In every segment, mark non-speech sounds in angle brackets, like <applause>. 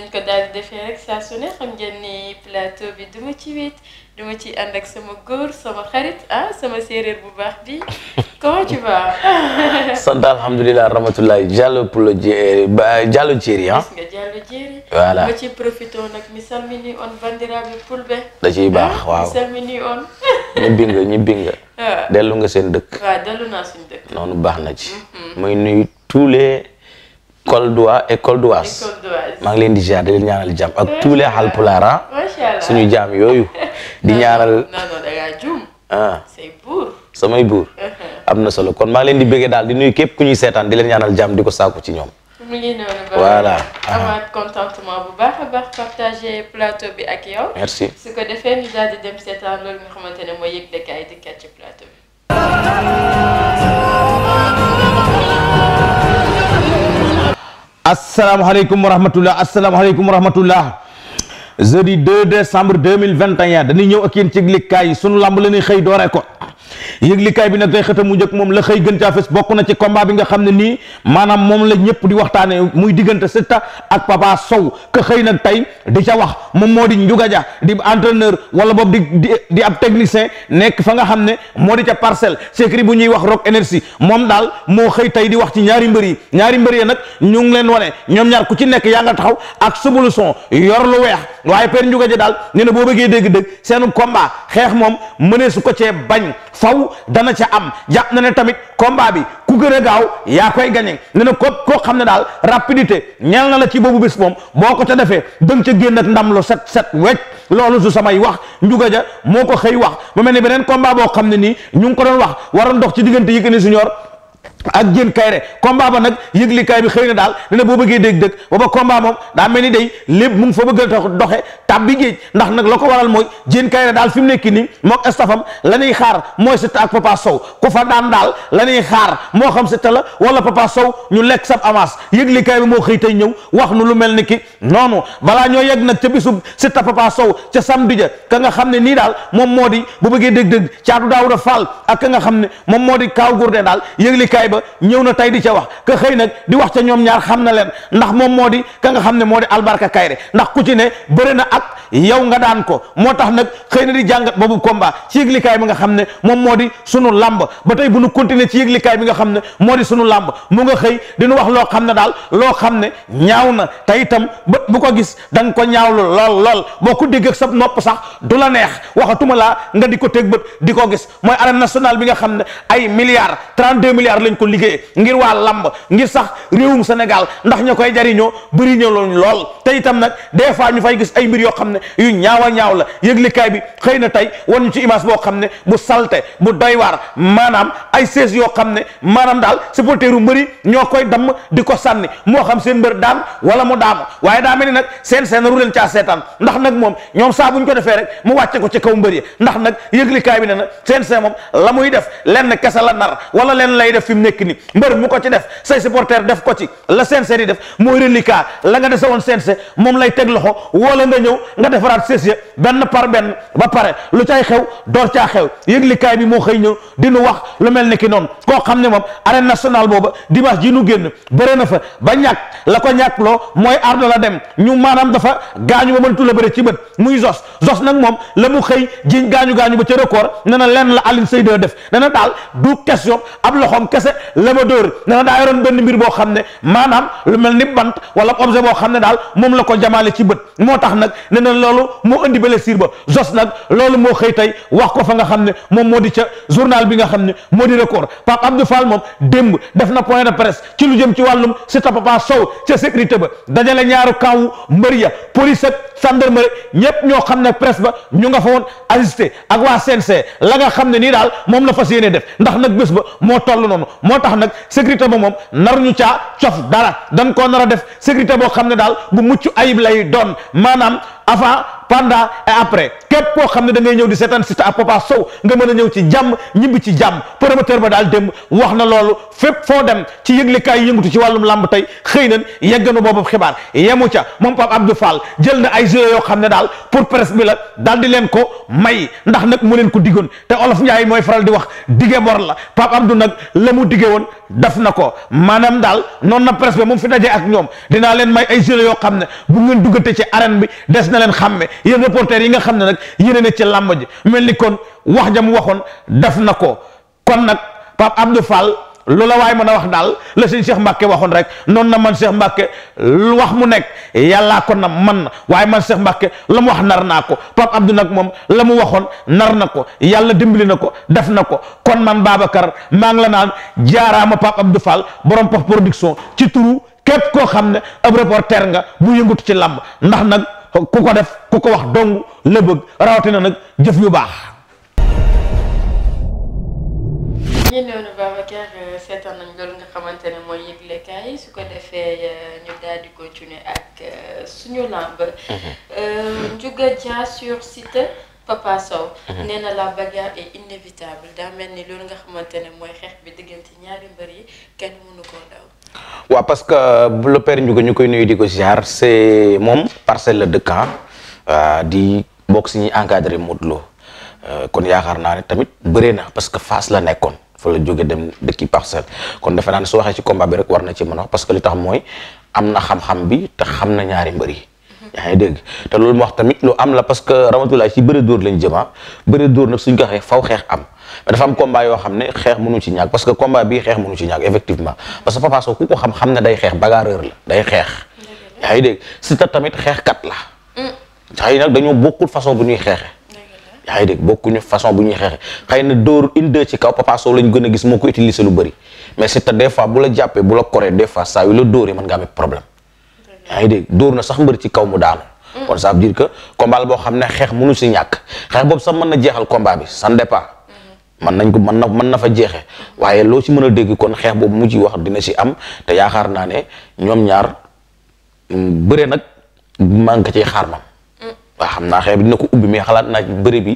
nañ ko daal de defee rek saa su ne xam ngeen ni plateau bi duma ci wéet duma ci ànd ak sama góor sama xarit ah sama séeréer bu baax bi <laughs> comment tu vas. <laughs> sant alhamdulilah rahmatulah Diallo Poulo Dié ah. ma ci profité nag mi on bandiraɓe pulɓe. da ciy baax ah, waaw mi salmini on. <laughs> ñibbi nga ñibbi nga. Ah. dellu nga seen dëkk. waaw dellu naa dëkk. noonu baax na muy mm-hmm. nuyu tous Col d'Oie et Col d'Oise maa ngi leen di ziar di leen ñaanal jàmm ak tous les Halpulaar ah. suñu jaam yooyu di ñaanal ah samay buur uh-huh. am na solo kon maa ngi leen di bëggee daal di nuyu képp ku ñuy seetaan di leen ñaanal jàmm di ko saaku ci ñoom asalaamaaleykum wa rahmatullah asalaamaaleykum wa rahmatullah jeudi 2 décembre 2021 dañuy ñëw ak yéen ci yëglikaay yi sunu lamb la ñuy xëy dooree ko yëglikaay bi nag tey xëtam mu njëkk moom la xëy gën caa fes bokk na ci combat bi nga xam ne nii maanaam moom la ñëpp di waxtaane muy diggante Siteu ak Papa Sow ka xëy nag tey di ca wax moom moo di Ndiouga Dia di entraîneur wala boobu di di di ab technicien nekk fa nga xam ne moo di ca parcelle secret bu ñuy wax rock énergie moom daal moo xëy tey di wax ci ñaari mbër yi ñaari mbër yi nag ñu ngi leen wane ñoom ñaar ku ci nekk yaa nga taxaw ak subulu son yor lu weex waaye Père Ndiouga Dia daal nee na boo bëggee dégg-dégg seen combat xeex moom mënee su ko cee bañ faw dana ca am jàpp na ne tamit combat bi ku gën a gaaw yaa koy gagné ne na ko koo xam ne daal rapidité ñeel na la ci boobu bés moom boo ko ca defee dëng ca génna ndam lu set set wecc loolu su samay wax njuga ja moo ko xëy wax mu mel ni beneen combat boo xam ne nii ñu ngi ko doon wax waroon dox ci diggante Yékini Junior ak jën kayre combat ba nag yëglikaay bi xëy na daal dina boo bëggee dégg dëgg booba combat moom daa mel ni day lépp mu ngi fa bëgg a doxe tab bi géej ndax nag la ko waral mooy jën kayre daal fi mu nekk nii mook estafam la ñuy xaar mooy Siteu ak Papa Sow ku fa daan daal la ñuy xaar moo xam Siteu la wala Papa Sow ñu lekk sab avance yëglikaay bi moo xëy tey ñëw wax nu lu mel ni ki noonu balaa ñoo yegg nag ca bisub Siteu Papa Sow ca samedi ja ka nga xam ne nii daal moom moo di bu bëggee dégg dëgg caatu Daawuda Fall ak ka nga xam ne moom moo di Kaaw Gourdin daal yéenekaay ba ñëw na tey di ca wax ka xëy nag di wax ca ñoom ñaar xam na leen ndax moom moo di ka nga xam ne moo di albarka kayre ndax ku ci ne bëri na ak yow nga daan ko moo tax nag xëy na di jàngat boobu combat ci yëglikaay bi nga xam ne moom moo di sunu làmb ba tey bu nu continuer ci yëglikaay bi nga xam ne moo di sunu làmb mu nga xëy di nu wax loo xam ne daal loo xam ne ñaaw na tey itam bët bu ko gis danga nga ko ñaawlu lool lool boo ko dégg ak sa nopp sax du la neex waxatuma laa nga di ko teg bët di ko gis mooy arène nationale bi nga xam ne ay milliards 32 milliards ko liggéeye ngir waa lamb ngir sax réewum Sénégal ndax ñoo koy jariñoo bëri ñoo loñ lool tey itam nag des fois ñu fay gis ay mbir yoo xam ne yu ñaawa ñaaw la yëglikaay bi xëy na tey wan ñu ci image boo xam ne bu salte bu doy waar maanaam ay sees yoo xam ne maanaam daal supporteru mbëri ñoo koy damm di ko sànni moo xam seen mbër daan wala mu daanu waaye daa mel ni nag seen seen ru leen caa ndax nag moom ñoom saa buñ ko defee rek mu wàcce ko ci kaw mbër yi ndax nag yëglikaay bi ne na seen seen moom la muy def lenn kese la nar wala lenn lay def fi mu nekk ni mbër mu ko ci def say supporter def ko ci la CNG di def mooy reliquat la nga dese woon CNG moom lay teg loxo wala nga ñëw nga defaraat CNG benn par benn ba pare lu caay xew door caa xew yëglikaay bi moo xëy ñëw di nu wax lu mel ni ki noonu koo xam ne moom arène nationale booba dimanche ji nu génn bëre na fa ba ñàkk la ko ñàkk loo mooy ardo la dem ñu maanaam dafa gaañu ba mëntu la bëre ci bët muy zos zos nag moom la mu xëy jiñ gaañu gaañu ba ca record nee na lenn la Alioune Seye def nee na daal du question ab la ma dóor ne na daa benn mbir boo xam ne maanaam lu mel ni bant wala objet boo xam ne daal moom la ko jamaale ci bët moo tax nag ne loolu moo indi blessure ba jos nag loolu moo xëy tey wax ko fa nga xam ne moom moo di ca journal bi nga xam ne moo di record Pape Abdou Fall moom démb def na point de presse ci lu jëm ci wàllum si ta Papa Sow ca sécurité ba dajale ñaaru kawu mbër ya police ak gendarmerie ñëpp ñoo xam ne presse ba ñu nga fa woon assisté ak waa CNC la nga xam ne nii daal moom la fas yéene def ndax nag bés ba moo toll noonu moo tax nag sécurité ba moom nar ñu caa cof dara dañ koo nar a def sécurité boo xam ne daal bu mucc ayib lay doon maanaam avant pendant et après képp koo xam ne da ngay ñëw di seetaan Siteu ak Papa Sow nga mën a ñëw ci jàmm ñibbi ci jàmm promoteur ba daal dem wax na loolu fépp foo dem ci yëglikaay yi yëngutu ci wàllum làmb tey xëy nan yegganu boobu xibaar yemu ca moom Pape Abdou Fall jël na ay jeux yoo xam ne daal pour presse bi la daal di leen ko may ndax nag mu leen ko diggoon te olof Njaay mooy faral di wax dige bor la Pape Abdou nag la mu dige woon def na ko maanaam daal noonu na presse moom fi dajee ak ñoom dinaa leen may ay yoo xam ne na leen xàmme yéen reporter yi nga xam ne nag yéen ne ci làmb ji mel ni kon wax jam waxoon def na ko kon nag Pape Abdou Fall loola waay mën a wax daal la sëñ seex Mbacke waxoon rek noonu na man seex Mbacke lu wax mu nekk yalla ko na man na waaye man seex mbakke la mu wax nar naa ko Pape Abdou nag moom la mu waxoon nar na ko yalla dimbali na ko def na ko kon man Babacar maa ngi la naan jaaraama Pape Abdou Fall borom Paf production ci turu képp koo xam ne ab reporter nga bu yëngatu ci làmb ndax nag. ku ko def ku ko wax dong la bëgg rawatina nag jëf yu baax. ñu noonu Babacar seetaan nañ loolu nga xamante ne mooy yëglekaay su ko defee ñu daal di continuer ak euh, suñu làmb. Mhm. Euh, Ndiouga Dia sur site. Papa Sow. Mhm. nee la bagarre est mel ni loolu nga xamante ne mooy xeex bi diggante ñaari mbër yi que euh, le père Ndiouga ñu koy nuyu di ko ziar c'est moom parcelle la dëkk ah. euh, di bokk si ñuy encadré Modou Lo euh, kon yaakaar naa ne tamit bëree na parce que Fass la nekkoon fa la jóge dem dëkki parcelle kon defe naa ne su waxee ci combat bi rek war na ci mën wax parce que li tax mooy am na xam-xam bi te xam na ñaari mbër yi. yaa ngi dégg te loolu mu wax tamit lu am la parce que Ramatoulaye ci bëre dóor lañ jëma ah. bëre dóor nag suñ ko waxee faw xeex am mais dafa am combat yoo xam ne xeex mënu ci ñàkk parce que combat bii xeex mënu ci ñàkk effectivement parce que Papa Sow ku ko xam xam ne day xeex bagarreur la day xeex yaa ngi dégg Siteu tamit xeex kat la mm. xëy nag dañoo bokkul façon bu ñuy xeexe yaa ngi dégg bokkuñu façon bu ñuy xeexe xay na dóor une deux ci kaw Papa Sow lañ gën a gis moo ko utiliser lu bëri mais Siteu des fois bu la jàppee bu la koree des fois saa yu nga amee problème yaa ngi dégg dóor na sax mbër ci kaw mu daanu. Mm. kon sa veut dire que combat boo xam ne xeex mënu si ñàkk xeex boobu sax mën na jeexal kombaa bi sans départ. Mm-hmm. mën nañ ko mën na mën na fa jeexee mm-hmm. waaye loo ci mën a dégg kon xeex boobu mu ci wax dina si am te yaakaar naa ne ñoom ñaar mm, bëre nag maa ngi ko ciy xaar man waaw xam naa xëy bi dina ko ubbi mais xalaat naa ci bëri bi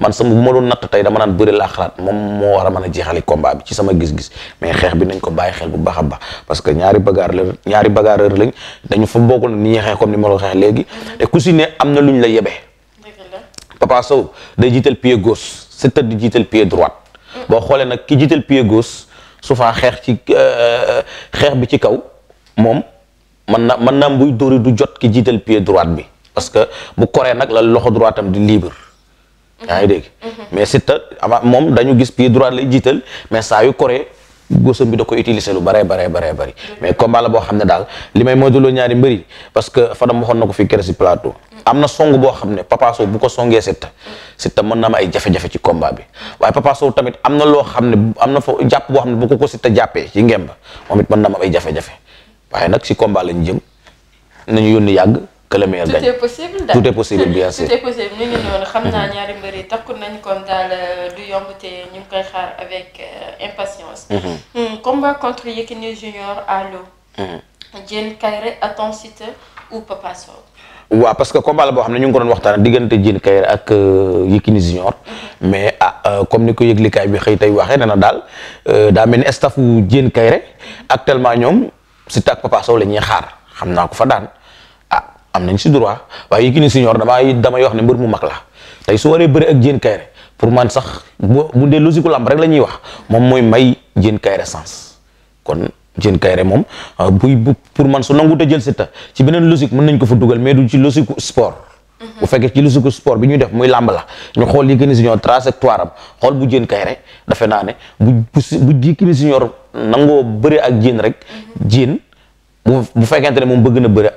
man sama bu ma doon natt tey dama naan bëri laa xalaat moom moo war a mën a jeexali combat bi ci sama gis-gis mais xeex bi nañ ko bàyyi xel bu baax a baax parce que ñaari bagarreur ñaari bagarreur lañ dañu fa bokkul ni ñuy xeex comme ni ma la xeex léegi te ku ne am na luñ ñu la yebee Papa day jiital pie gauche Siteu di jiital pied droite boo xoolee nag ki jiital pie gauche su faa xeex ci euh, xeex bi ci kaw moom man na man naam buy dóori du jot ki jiital pied droite bi parce que bu koree nag la loxo droite am di libre. yaa ngi dégg. mais Siteu ama moom dañu gis pied droit lay jiital mais saa yu koree góosam bi da ko utiliser lu bare bare bare bëri mais combat la boo xam ne daal li may moytuloo ñaari mbëri parce que Fadam waxoon na ko fii kere si plateau. am na song boo xam ne Papa Sow bu ko songee Siteu Siteu mën na am ay jafe-jafe ci combat bi waaye Papa Sow tamit am na loo xam ne am na fa jàpp boo xam ne bu ko ko Siteu jàppee ci ngemb m it na am ay jafe waaye nag si combat lañu jëm nañu yónni yàgg. que le meilleur gagne tout est possible daal tout est possible bien <laughs> sûr. tout est possible ñu ngi noonu xam naa ñaari mbër takku nañ kon daal euh, du yomb te ñu ngi xaar avec euh, impatience. Mm-hmm. Hmm, combat contre Yekini Junior à l'eau. Mm-hmm. Diène boo xam ne ñu ngi ko waxtaan diggante Diène Kairé ak euh, Yekini Junior. Mm-hmm. mais ah comme ni ko yëglikaay bi xëy tey waxee nee na daal daa mel ni staffu Diène Kairé actuellement ñoom Siteu ak Papa Sow xaar xam naa ko fa daan. am nañ si droit waaye Yékini senior damay damay wax ne mbër mu mag la tey su waree bëri ak Diène Kaïré pour man sax bu bu dee logique lamb rek la ñuy wax moom mooy may Diène kayre sens kon Diène Kaïré moom euh, buy bu pour man su nangu te jël si ta ci beneen logique mën nañ ko fa dugal mais du ci logique sport. Mhm. bu fekkee ci logique sport bi ñuy def muy làmb ñu xool Yékini senior trajectoire am xool bu Diène Kaïré defe naa ne bu bu Yékini senior nangoo bëri ak Diène rek mhm. Diène bu bu fekkente ne moom bëgg na bëri.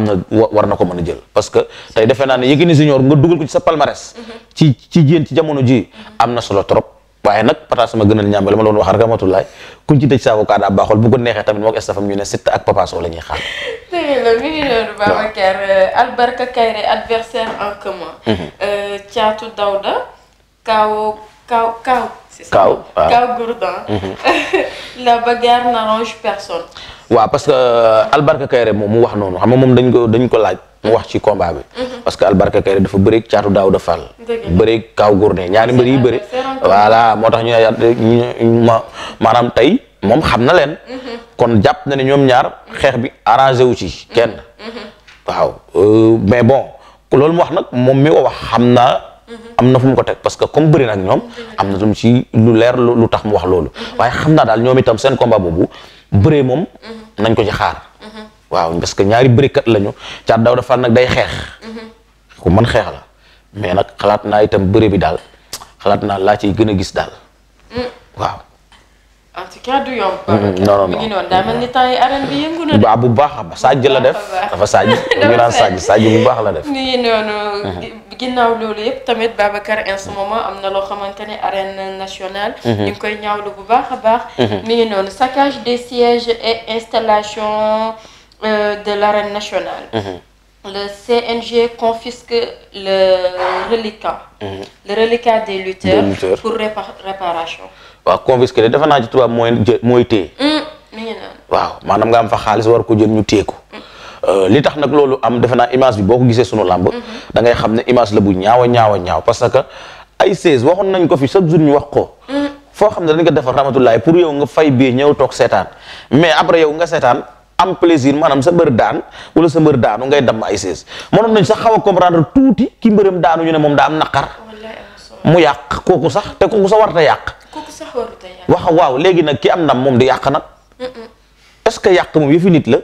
am na war na ko mën a jël parce que tey defe naa ne Yékini Junior nga dugal ko ci sa palmarès ci ci jéen ci jamono ji am na solo trop waaye nag pata sama gënal ñaambe la ma doon wax rek amatulaay kuñ ci tëj sa avocat daa baaxool bu ko neexee tamit moo ko ñu ne Siteu ak Papa Sow xaar dëgg la mi ngi noonu Babacar euh, Kaaw waaw Kaaw Gourdin. Mhm. <laughs> parce que euh, Albarka Kayré moom mu wax noonu xam nga moom dañ ko dañ ko laaj mu wax ci combat bi. Mhm. parce que Albarka Kayré dafa bëri caatu daaw a fal. bëri Kaaw Gourdin ñaari mbër yi bëri. voilà moo tax ñu ne ma maanaam tey moom xam na leen. Mhm. kon jàpp na ne ñoom ñaar xeex bi arrangé wu ci kenn. waaw euh, mais bon loolu mu wax nag moom mi ko wax xam naa. am na fu mu ko teg parce que comme bëri nag ñoom am na tam ci lu leer lu tax mu wax loolu waaye xam naa daal ñoom itam seen combat boobu bëree moom nañ ko ci xaar waaw parce que ñaari bërikat lañu Thiat Daouda Fall nag day xeex ku man xeex la mais nag xalaat naa itam bëri bi daal xalaat naa laa ciy gën a gis daal mm. waaw parce que du yomb. Mm-hmm. non non non daa mel ni temps yi arène bi yëngu ba bu baax Sadji la def dafa Sadji ñu naan Sadji Sadji bu baax la def. nii noonu. Mm-hmm. ginnaaw loolu yëpp tamit Babacar en ce na loo xamante ne arène nationale. Mm-hmm. ñu ngi koy ñaawlu bu baax a baax. mi ngi saccage des sièges et installation euh, de l'arène nationale. le CNG confisque le reliquat. le reliquat des lutteurs réparation. waaw confisqué defe naa ci tubaab mooy mooy téye. Mm, waaw maanaam nga am fa xaalis war ko jël ñu téye ko. Mm. Euh, li tax nag loolu am defe naa image bi boo ko gisee sunu làmb. Mm-hmm. da ngay xam ne image la bu ñaaw a ñaaw ñaaw parce que ay seize waxoon nañ ko fi chaque jour ñu wax ko. Mm. foo xam ne dañ ko defar rahmatullahi pour yow nga fay bii ñëw toog seetaan mais après yow nga seetaan am plaisir maanaam sa mbër daan wala sa mbër daanu ngay damm ay seize mënoon nañ sax xaw a comprendre tuuti ki mbërëm daanu ñu ne moom daa am naqar mu yàq kooku sax te kooku sax warta yàq. kooku wax waaw léegi nag ki am ndam moom di yàq nag. est ce que yàq moom yëfi nit la.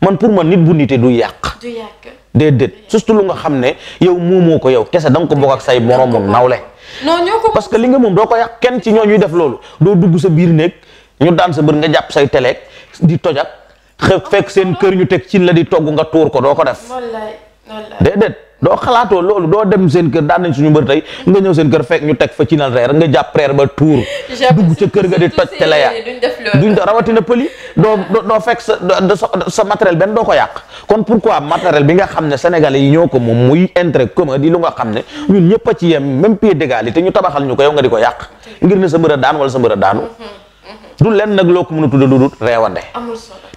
man pour man nit bu nitee du yàq. du yàq déedéet surtout lu nga xam ne yow moomoo ko yow kese da ko bokk ak say moromu nawle. non ñoo parce que li nga moom doo ko yàq kenn ci ñoo ñuy def loolu doo dugg sa biir néeg ñu daan sa bër nga jàpp say teleeg di tojat xëy fekk seen kër ñu teg cin la di togg nga tuur ko doo ko def. wallaay wallaay doo xalaatoo loolu doo dem seen kër daan nañ suñu mbër tey nga ñëw seen kër fekk ñu teg fa ci nal reer nga jàpp reer ba tuur dugg ca kër ga di toj télé ya duñ def rawatina pëli doo fekk sa sa matériel benn doo ko yàq kon pour pourquoi matériel bi nga xam ne sénégalais yi ñoo ko moom muy intérêt commun di lu nga xam ne ñun ñëpp ci yem même pied d'égalité ñu tabaxal ñu ko yow nga di ko yàq ngir ne sa mbër a daan wala sa mbër a daanu du lenn nag loo ko mën a tudde lu dul reewande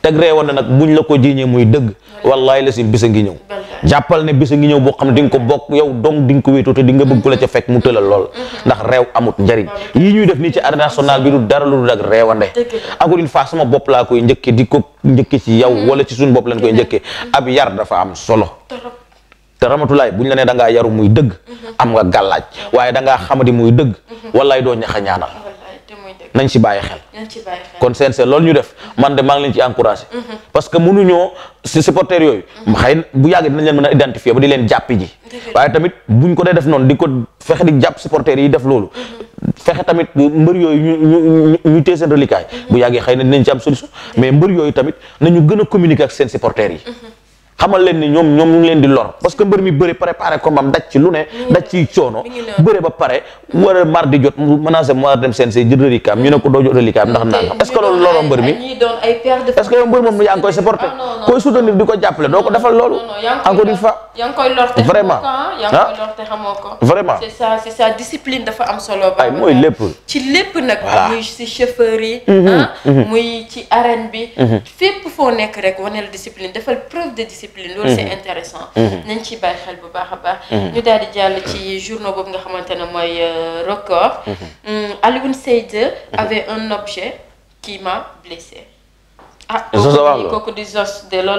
teg reewande nag buñ la ko jiiñee muy dëgg wallaay la si bisa ngi ñëw jàppal ne bisu ngi ñëw boo xam ne dinga ko bokk yow dong di nga ko wéetoo te di nga bëgg ku la ca fekk mu tëlal lool ndax réew amut njariñ yi ñuy def nii ci arène bi du dara lu dul ak réewande encore une fois sama bopp laa koy njëkke di ko njëkke ci yow wala ci suñ bopp lañ koy njëkke ab yar dafa am solo te ramatulaay bu ñu la nee da yaru muy dëgg mhm. am nga gàllaaj mhm. waaye da ngaa di muy dëgg mhm. wallaay doo ñax a ñaanal nañ ci bàyyi xel kon CNG loolu ñu def mm-hmm. man de maa leen ci encouragé mm-hmm. parce que mënuñoo ci supporters yooyu mm-hmm. xëy bu yàgg dinañ leen mën a identifier ba di leen jàppi ji waaye tamit buñ ko dee def noonu di ko fexe di jàpp supporters yi def loolu fexe tamit mbër yooyu ñu ñu ñu tee seen reliquat bu yàggee xay na dinañ ci am solution mais mbër yooyu tamit nañu gën a communiquer ak seen supporters yi xamal leen ni ñoom ñoom ñu leen di lor parce que mbër mi bëri préparé combat am daj ci lu ne mm. daj ci coono bëri ba pare war a mar di jot menacé mu war dem seen see jël reliquat ñu ne ko doo jot reliquat ndax nangam est ah, di ko jàppale doo ci lépp nag muy si chauffeur yi mhm, ah? mhm. muy ci arène bi mhm. fépp foo nekk rek waneel discipline defal preuve de discipline discipline loolu c'est mmh. intéressant mmh. nañ ciy bàyyi xel bu baax a baax mmh. ñu daal di jàll ci journaux boobu nga xamante ne mooy euh, record Alioune Seyde avait un objet qui m'a blessé ah, loolu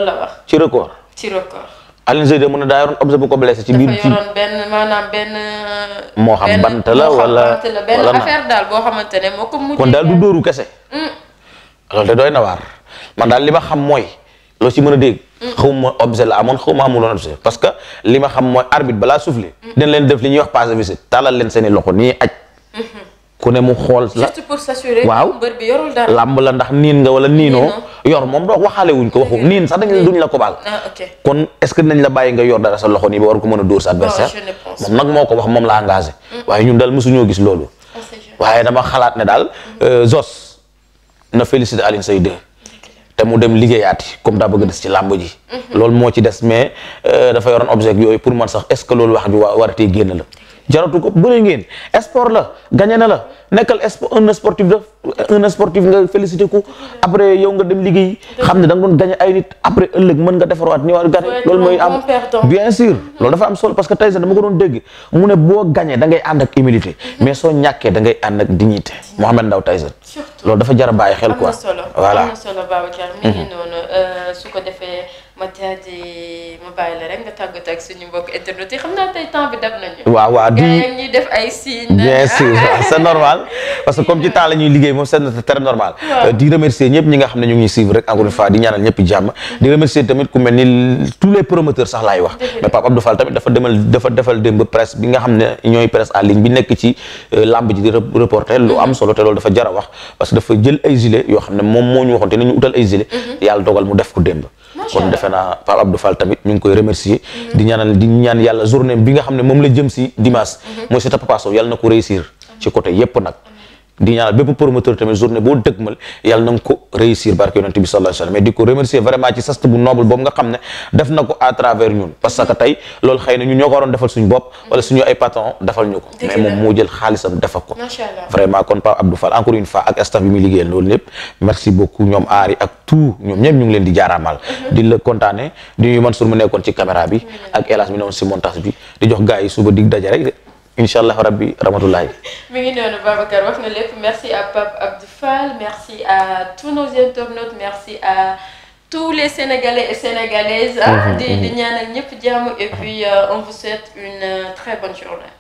la wax ci record ci record Alioune mu ne daa yoroon objet bu ko blessé ci biir dafa yoroon benn maanaam benn euh, moo xam bant la wala benn affaire daal boo xamante ne moo ko mujjee kon daal du dóoru kese loolu de doy na waar man daal li xam mooy loo ci mën a dégg. xaw ma objet la amoon xaw ma amuloon objet parce que li ma xam mooy arbitre balaa soufflé. dañ leen def li ñuy wax passe visite tàllal leen seeni loxo nii aj ku ne mu xool la juste waaw mbër la ndax niin nga wala niinoo yor moom doo waxaale wuñ ko waxu niin sax dañ duñ la ko baal ah, kon est ce que nañ la bàyyi nga yor dara sa loxo nii ba war ko mën a dóor sa adversaire moom nag moo ko wax moom la engagé mm. waaye ñun daal mosuñoo gis loolu ah, waaye dama xalaat ne daal euh, Zos na féliciter Alioune Seye te mu dem liggéeyaati comme daa bëgg a des ci làmb ji. Mhm. loolu moo ci des mais euh, dafa yoroon objet yooyu pour man sax est ce que loolu wax ju waratee génn la. jaratu ko bëri ngeen sport la gagné na la nekkal un sportif de nga félicité ko après yow nga dem liggéey xam ne da nga doon gagné ay nit après ëllëg mën nga defarwaat ni war gagné bien sûr loolu dafa am solo parce que tey mu ne boo gagné da ngay ak humilité mm-hmm. mais soo ñàkkee da ngay ak dignité Mouhamed Ndao Tyson loolu dafa jar a xel mm-hmm. euh, ko defee ma taaji ma bàyyi la rek nga tàggatoo ak suñu mbokk di ñuy def ay signes. <laughs> la ñuy liggéey moom c'est très normal. Euh, di remercier ñëpp ñi nga xam ne ñu ngi suivre rek encore une fois di ñaanal ñëpp jàmm. di remercier tamit ku mel ni tous les promoteurs sax laay wax. mais Pape Abdou Fall tamit dafa demal dafa defal démb presse bi nga xam ne ñooy presse en ligne bi nekk ci euh, lamb ji di reporter lu am mhm. solo te loolu dafa jar a wax parce que dafa jël ay gilet yoo xam ne moom moo ñu waxoon te nañu utal ay gilet. Mhm. yàlla dogal mu def ko démb kon defe naa Pape Abdou Fall tamit ñu ngi koy remercier di ñaanal di ñaan yàlla journée bi nga xam ne moom la jëm si dimanche mhm. mooy si ta Papa Sow na ko réussir ci côté yépp nag di ñaanal bépp promoteur tamit journée boo dëgmal yàlla na nga ko réussir barke yonent bi sallallahu alayhi wasallam mais di ko remercier vraiment ci sast bu noble boobu nga xam ne def na ko à travers ñun parce que tey loolu xëy na ñun ñoo ko waroon defal suñu bopp wala suñu ay patron defal ñu ko mais moom moo jël xaalisam defal ko vraiment kon Pape Abdou Fall encore une fois ak staff bi muy liggéeyal loolu lépp merci beaucoup ñoom aari ak tout ñoom ñëpp ñu ngi leen di jaaraamal mhm. di la kontaane di ñuy man sur mu nekkoon ci caméra bi mhm. ak hélas mi newoon si montage bi di jox gars yi suba dig daje rek incha allah rabbi rahmatullahi <laughs> mi ngi noonu lépp merci à Pape Abdou merci à tous nos internautes merci à tous les Sénégalais et Sénégalaises. Ah, mhm, di di mhm. ñaanal ñëpp jàmm et puis euh, on vous souhaite une euh, très bonne journée.